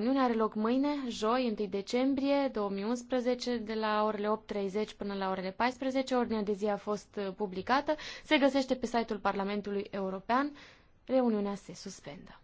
reuniunea are loc mâine, joi, 1 decembrie 2011, de la orele 8.30 până la orele 14. Ordinea de zi a fost uh, publicată. Se găsește pe site-ul Parlamentului European. Reuniunea se suspendă.